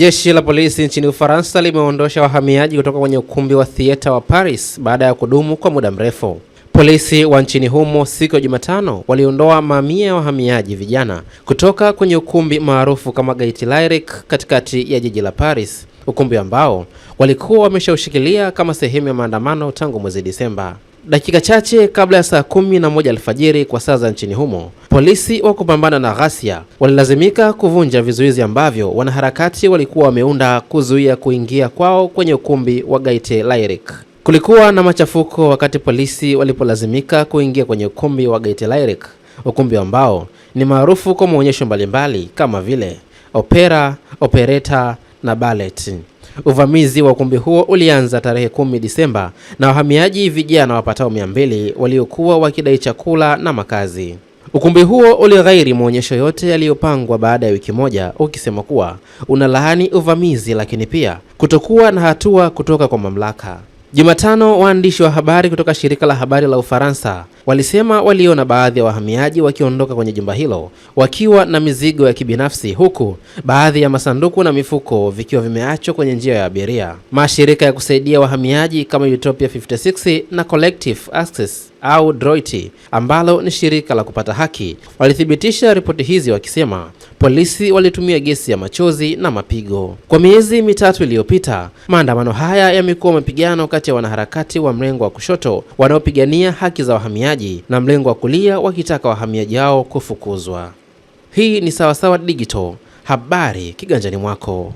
Jeshi la polisi nchini Ufaransa limeondosha wahamiaji kutoka kwenye ukumbi wa theater wa Paris baada ya kudumu kwa muda mrefu. Polisi wa nchini humo siku ya Jumatano waliondoa mamia ya wahamiaji vijana kutoka kwenye ukumbi maarufu kama Gaite Lyric katikati ya jiji la Paris, ukumbi ambao walikuwa wameshaushikilia kama sehemu ya maandamano tangu mwezi Disemba. Dakika chache kabla ya saa kumi na moja alfajiri kwa saa za nchini humo, polisi wa kupambana na ghasia walilazimika kuvunja vizuizi ambavyo wanaharakati walikuwa wameunda kuzuia kuingia kwao kwenye ukumbi wa Gaite Lairik. Kulikuwa na machafuko wakati polisi walipolazimika kuingia kwenye ukumbi wa Gaite Lairik, ukumbi ambao ni maarufu kwa maonyesho mbalimbali kama vile opera, opereta na Ballet. Uvamizi wa ukumbi huo ulianza tarehe kumi Disemba na wahamiaji vijana wapatao mia mbili waliokuwa wakidai chakula na makazi. Ukumbi huo ulighairi maonyesho yote yaliyopangwa baada ya wiki moja, ukisema kuwa unalaani uvamizi, lakini pia kutokuwa na hatua kutoka kwa mamlaka. Jumatano, waandishi wa habari kutoka shirika la habari la Ufaransa walisema waliona baadhi ya wahamiaji wakiondoka kwenye jumba hilo wakiwa na mizigo ya kibinafsi huku baadhi ya masanduku na mifuko vikiwa vimeachwa kwenye njia ya abiria. Mashirika ya kusaidia wahamiaji kama Utopia 56 na Collective Access au Droit ambalo ni shirika la kupata haki walithibitisha ripoti hizi wakisema polisi walitumia gesi ya machozi na mapigo. Kwa miezi mitatu iliyopita, maandamano haya yamekuwa mapigano kati ya wanaharakati wa mrengo wa kushoto wanaopigania haki za wahamiaji na mrengo wa kulia wakitaka wahamiaji hao kufukuzwa. Hii ni Sawasawa Digital, habari kiganjani mwako.